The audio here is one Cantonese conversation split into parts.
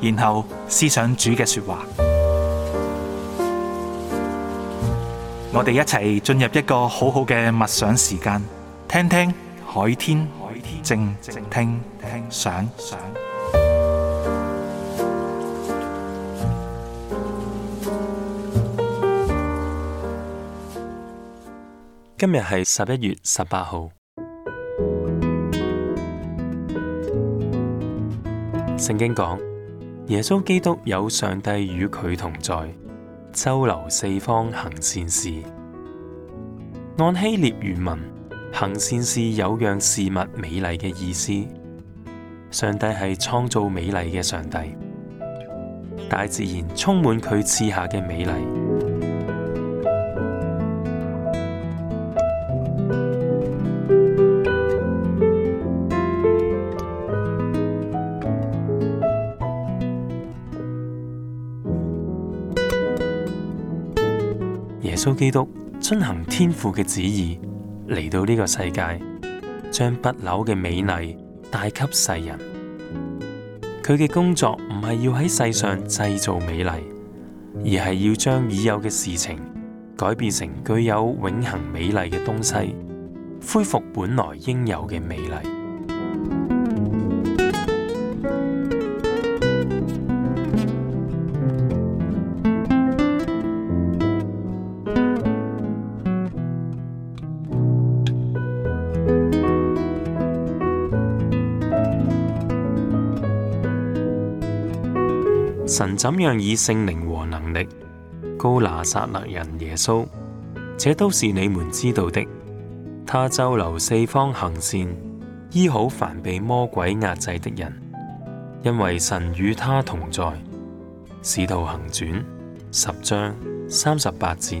然後思想主嘅說話，我哋一齊進入一個好好嘅默想時間，聽聽海天靜靜聽想。今日係十一月十八號，聖經講。耶穌基督有上帝與佢同在，周流四方行善事。按希臘原文，行善事有讓事物美麗嘅意思。上帝係創造美麗嘅上帝，大自然充滿佢賜下嘅美麗。蘇基督遵行天父嘅旨意嚟到呢個世界，將不朽嘅美麗帶給世人。佢嘅工作唔係要喺世上製造美麗，而係要將已有嘅事情改變成具有永恆美麗嘅東西，恢復本來應有嘅美麗。神怎樣以聖靈和能力膏拿撒勒人耶穌，這都是你們知道的。他周流四方行善，醫好凡被魔鬼壓制的人，因為神與他同在。使徒行傳十章三十八節。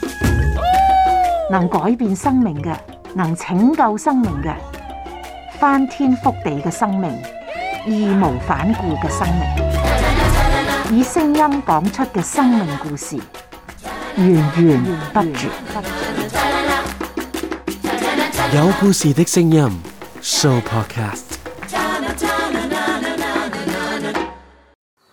能改變生命嘅，能拯救生命嘅，翻天覆地嘅生命，義無反顧嘅生命，以聲音講出嘅生命故事，源源不絕。有故事的聲音，Sooo Podcast。